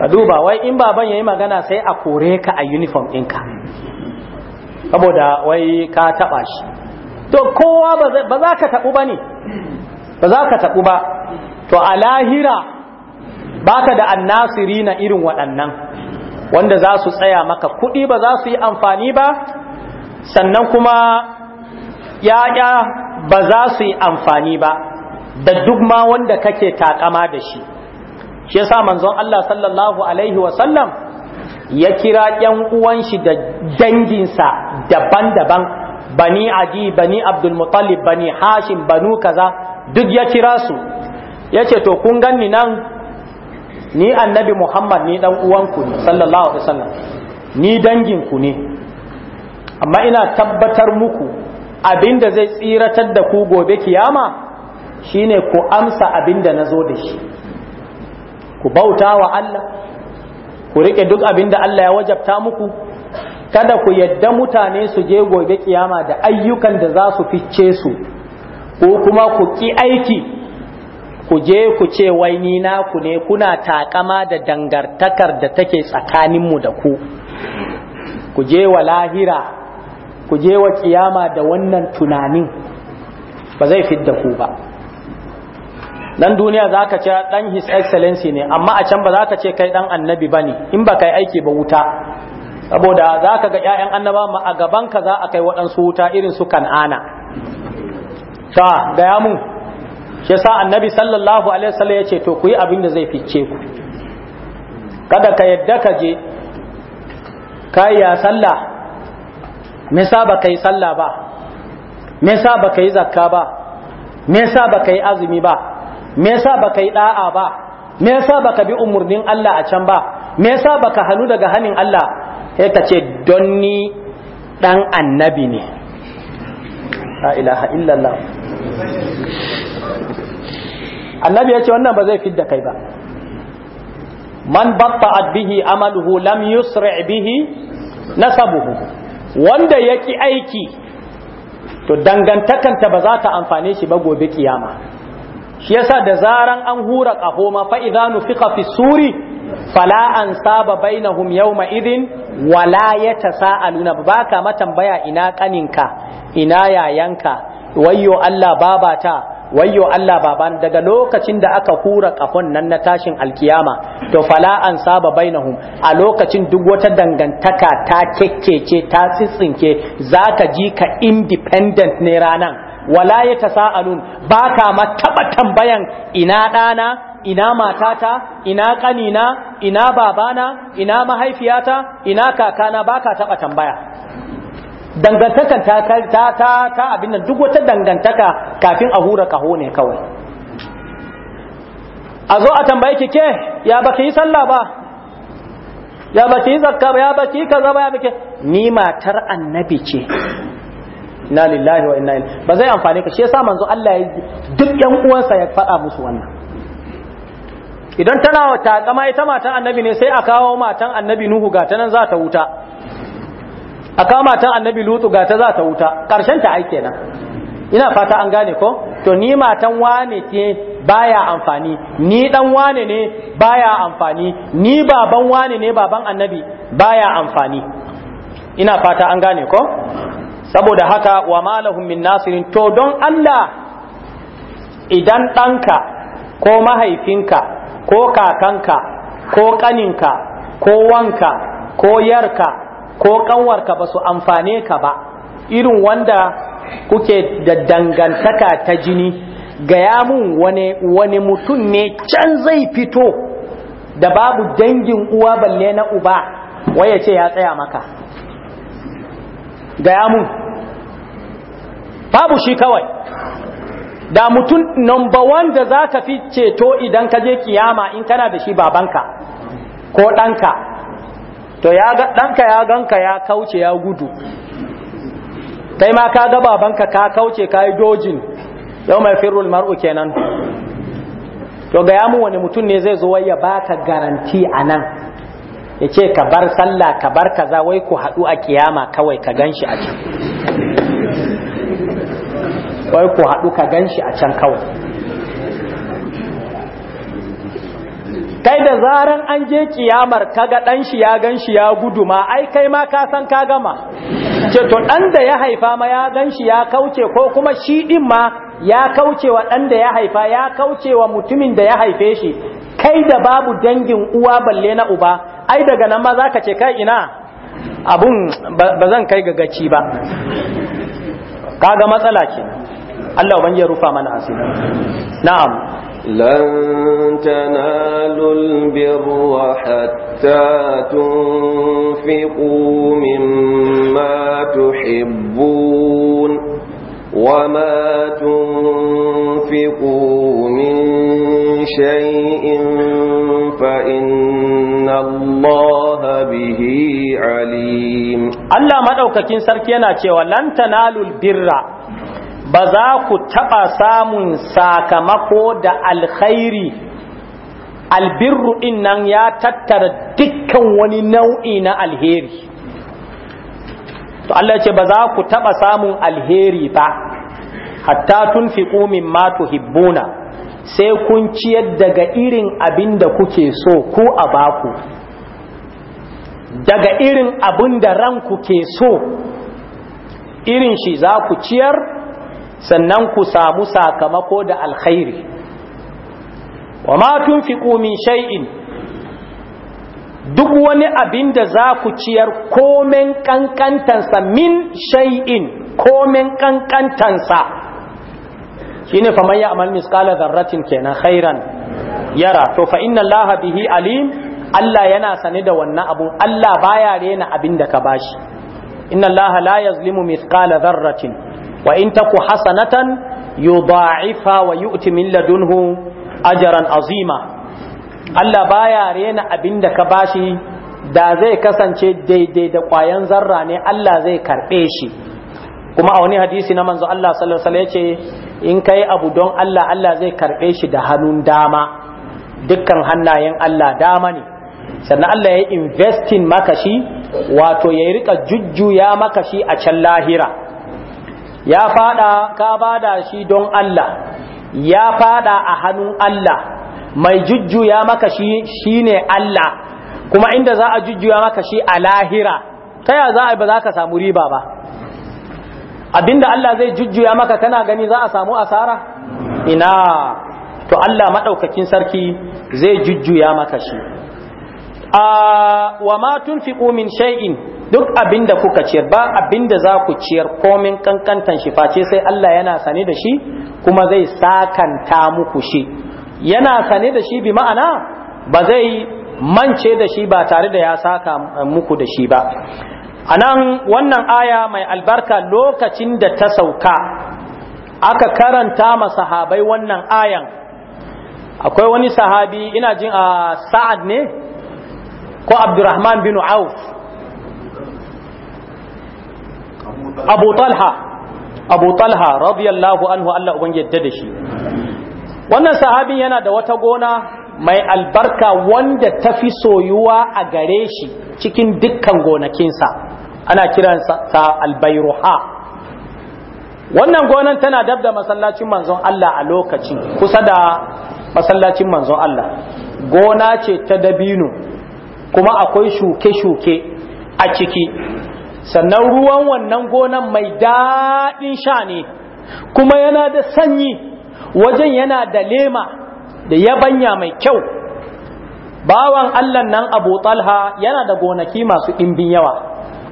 ka duba wai in baban ya yi magana sai a kore ka a uniform ɗinka saboda wai ka taɓa shi to kowa ba za ka taɓu ba ne ba za ka taɓu ba to a lahira baka da annasiri na irin waɗannan wanda za su tsaya maka kuɗi ba za su yi amfani ba sannan kuma ‘ya'ya ba za su yi amfani ba da duk ma wanda kake takama da shi shi yasa manzon Allah sallallahu Alaihi wasallam ya kira ‘yan shi da danginsa daban-daban bani adi bani muttalib bani hashim banu kaza duk ya kira su yace to kun ganni nan ni annabi muhammad ni dan uwanku ne sallallahu alaihi wasallam ni danginku ne amma ina tabbatar muku abin da zai tsiratar da ku gobe kiyama shine ku amsa abinda nazo da shi ku bauta wa Allah ku riƙe duk abinda Allah ya wajabta muku kada ku yadda mutane su je gobe kiyama da ayyukan da za su fice su ko kuma ku ƙi aiki ku je ku ce wai ni naku ne kuna takama da dangartakar da take tsakaninmu da ku ku je wa lahira ku je wa kiyama da wannan tunanin ba zai fidda ku ba Dan duniya za ka ce dan his excellency ne amma a can ba za ka ce kai dan annabi ba ne in ba kai aiki ba wuta saboda za ka ga 'ya'yan annaba ma a gaban ka za a kai waɗansu wuta irin su kan'ana ta gaya mu shi sa annabi sallallahu alaihi wasallam ya ce to ku yi abin da zai fice ku kada ka yadda ka je kai ya sallah me yasa baka yi sallah ba me baka yi zakka ba me baka yi azumi ba me yasa baka yi da'a ba me baka bi umarnin Allah a can ba me baka hanu daga hanin Allah sai ka ce don ni dan annabi ne la ilaha illallah annabi ya ce wannan ba zai fidda kai ba man batta'at bihi amaluhu lam yusri' bihi nasabuhu wanda ya ki aiki to dangantakanta ba za ta amfane shi ba gobe kiyama shi yasa da zaran an hura ƙaho ma fa idza nufiqa fi suri fala saba bainahum yawma idin wala yatasaaluna ba ka matambaya ina kaninka ina yayanka wayyo Allah babata wayyo Allah baban daga lokacin da aka hura kafon nan na tashin alkiyama to fala an saba bainahum a lokacin duk wata dangantaka ta kekkece ta tsitsinke zaka ji ka independent ne ranan wala ya tasa'alun baka ma taba tambayan ina dana ina matata ina kanina ina babana ina mahaifiyata ina kakana baka taba tambaya dangantakan ta ta ta ta abin nan duk wata dangantaka kafin a hura kaho ne kawai a zo a tambaye ki ke ya baki yi sallah ba ya baki yi zakka ba ya baki kaza ba ya baki ni matar annabi ce na lillahi wa inna ilaihi ba zai amfane ka shi yasa manzo Allah ya duk yan uwansa ya faɗa musu wannan idan tana takama ita matan annabi ne sai a kawo matan annabi Nuhu ga ta nan za ta wuta a kama ta annabi lutu ga ta za ta wuta ƙarshen ta ai kenan ina fata an gane ko to ni matan wane ce baya amfani ni dan wane ne baya amfani ni baban wane ne baban annabi baya amfani ina fata an gane ko saboda haka wa malahum min nasirin to don Allah idan ɗanka ko mahaifinka ko kakanka ko ƙaninka ko wanka ko yarka ko kanwarka ba su amfane ka ba irin wanda kuke da dangantaka ta jini gaya mun wani, wani mutum ne can zai fito da babu dangin uwa balle na uba waya ce ya tsaya maka gaya mun babu shi kawai da mutum number one da za ka fi ceto idan ka je kiyama in kana da shi babanka ko ɗanka to ya ga ɗanka ya ganka ya kauce ya gudu kai ma ka ga babanka ka kauce ka yi dojin yau mai firul mar'u kenan to ga yamu wani mutum ne zai zo wai ya baka garanti a nan ya ce ka bar sallah ka bar kaza wai ku haɗu a kiyama kawai ka gan a can wai ku haɗu ka gan shi a can kawai kai da zaran an je kiyamar kaga dan shi ya gan shi ya gudu ma ai kai ma ka san ka gama ce to dan da ya haifa ma ya gan shi ya kauce ko kuma shi din ma ya kauce wa dan da ya haifa ya kauce wa mutumin da ya haife shi kai da babu dangin uwa balle na uba ai daga nan ma zaka ce kai ina abun ba zan kai ga gaci ba kaga matsala ce Allah ubangiji ya rufa mana asiri na'am لن تنالوا البر حتى تنفقوا مما تحبون وما تنفقوا من شيء فإن الله به عليم الله مدعوك كنسر كينا تشوى لن تنالوا البر ba za ku taɓa samun sakamako da alkhairi albirru nan ya tattara dukkan wani nau'i na alheri to Allah ce ba za ku taɓa samun alheri ba hatta tun fi ƙumin matu hibbuna sai kun ciyar daga irin abin da kuke so ko a baku daga irin abin da ranku ke so irin shi za ku ciyar sannan ku samu sakamako da alkhairi wa ma tunfiqu min shay'in duk wani abin da za ku ciyar komen kankantansa min shay'in komen kankantansa shine faman ya amal misqala dharratin kenan khairan yara to fa inna allaha bihi alim Allah yana sane da wannan abu. Allah baya rena abin da ka bashi inna allaha la yazlimu mithqala dharratin wa in taku hasanatan yudha'ifa wa yu'ti min ladunhu ajran azima Allah baya rena abinda ka bashi da zai kasance daidai da kwayan zarra ne Allah zai karbe shi kuma a wani hadisi na manzo Allah sallallahu alaihi wasallam yace in kai abu don Allah Allah zai karbe shi da hannun dama dukkan hannayen Allah dama ne sannan Allah ya investin maka shi wato ya rika jujjuya maka shi a can lahira ya fada ka bada shi don Allah ya fada a hannun Allah mai jujjuya maka shi shine Allah kuma inda za a jujjuya maka shi a lahira ta ya za a ba za ka samu riba ba abinda Allah zai jujjuya maka kana gani za a samu asara ina to Allah madaukakin sarki zai jujjuya maka shi a ah, wa ma tunfiqu min shay'in duk abin da kuka ciyar ba abin da za ku ciyar komin kankantan shi face sai Allah yana sane da shi kuma zai sakanta muku shi yana sane da shi bi ma'ana ba zai mance da shi ba tare da ya saka muku da shi ba anan wannan aya mai albarka lokacin da ta sauka aka karanta ma sahabai wannan ayan akwai wani sahabi ina jin a sa'ad ne ko abdurrahman bin auf abu talha abu talha radiyallahu anhu Allah uban da shi wannan sahabin yana da wata gona mai albarka wanda ta fi soyuwa a gare shi cikin dukkan gonakinsa ana kiransa ta albairuha wannan gonan tana dab da masallacin manzon Allah a lokacin kusa da masallacin manzon Allah gona ce ta dabino kuma akwai shuke-shuke a ciki sannan ruwan wannan gonan mai daɗin sha ne kuma yana da sanyi wajen yana da lema da yabanya mai kyau bawan allan nan abu talha yana da gonaki masu ɗimbin yawa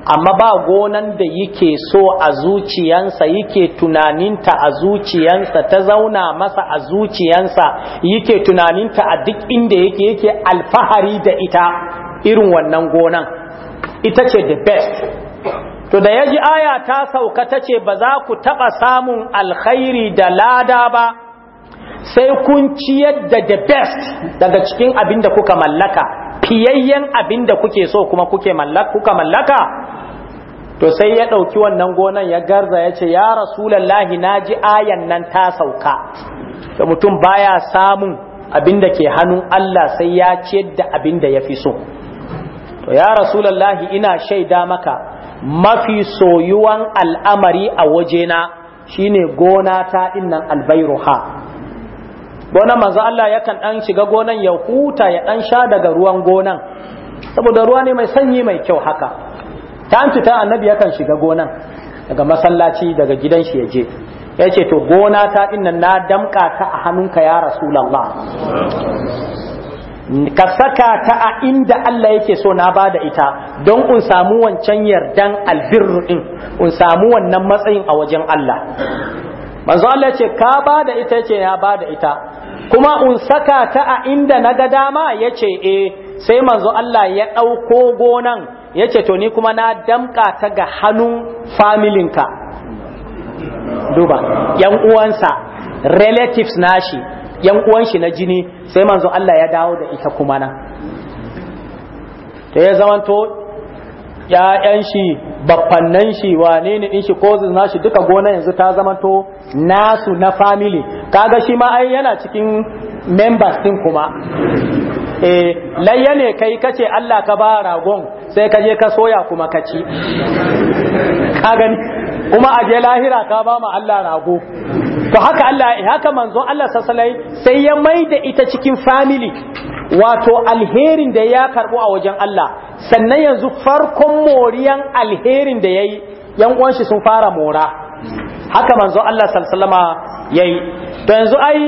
amma ba gonan da yake so a zuciyansa yake tunaninta a zuciyansa ta zauna masa a zuciyansa yake tunaninta a duk inda yake yake alfahari da ita irin wannan gonan ita ce the best to da ya ji aya ta sauka ta ce ba za ku taɓa samun alkhairi da lada ba sai kun ciyar da the best daga cikin abin da kuka mallaka fiyayyen abin da kuke so kuma kuke mallaka kuka mallaka to sai ya ɗauki wannan gonan ya garza ya ce ya rasulallahi na ji ayan nan ta sauka da mutum baya samun abin da ke hannun Allah sai ya ciyar da abin da ya fi so to ya rasulallahi ina shaida maka mafi soyuwan al'amari a wajena shine gona ta innan albairuha gona manzo Allah yakan dan shiga gonan ya huta ya dan sha daga ruwan gonan saboda ruwa ne mai sanyi mai kyau haka ta fita annabi yakan shiga gonan daga masallaci daga gidan shi ya je ya ce to gona ta innan na damka ta a hannunka ya rasulallah ka saka ta a inda Allah yake so na bada ita don un samu wancan yardan albirru din un samu wannan matsayin a wajen Allah manzo Allah ce ka bada ita yace ya bada ita kuma un saka ta a inda na ga dama yace eh sai manzo Allah ya dauko gonan yace to ni kuma na damka ta ga hannun familinka duba yan uwansa relatives nashi yan uwan shi na jini sai manzon Allah ya dawo da ita kuma na. to ya zamanto ‘ya'yan shi, baffannan shi, wane ne din shi, nashi duka gona yanzu ta zamanto nasu na family. Kaga shi ma ai yana cikin members din kuma. E, layya ne kai kace Allah ka ba ragon sai ka je ka soya kuma ka ci. kuma a je lahira ka ba ma Allah rago. to haka Allah haka manzon Allah sallallahu sai ya maida ita cikin family wato alherin da ya karbu a wajen Allah sannan yanzu farkon moriyan alherin da yayi yan uwan shi sun fara mora haka manzon Allah sallallahu yayi to yanzu ai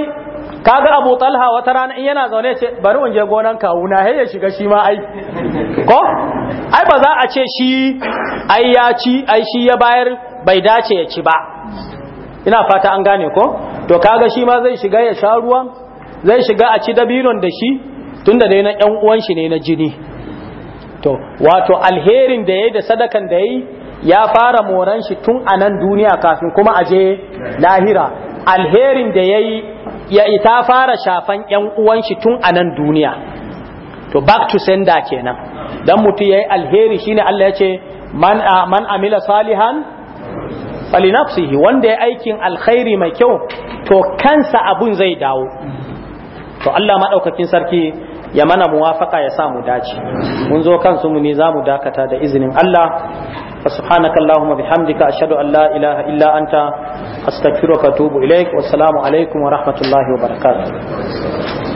kaga Abu Talha wata rana in yana zaune ce bari in je gonan kawuna na ya shiga shi ma ai ko ai ba za a ce shi ai ya ci ai shi ya bayar bai dace ya ci ba ina fata an gane ko to kaga shi ma zai shiga ya sha ruwan zai shiga a ci dabinon da shi tunda dai na ƴan uwan shi ne na jini to wato alherin da yayi da sadakan da yayi ya fara moran shi tun a nan duniya kafin kuma aje lahira alherin da yayi ya ita fara shafan ƴan uwan shi tun a nan duniya to back to sender kenan dan mutu yayi alheri shine Allah ya ce man man amila salihan falinafsihi wanda ya aikin alkhairi mai kyau to kansa abun zai dawo to Allah maɗaukakin sarki ya mana muwafaka ya samu dace mun zo kansu mu ne zamu dakata da izinin Allah subhanaka allahumma bihamdika ashhadu an la ilaha illa anta astaghfiruka wa atubu ilaik alaikum wa rahmatullahi wa barakatuh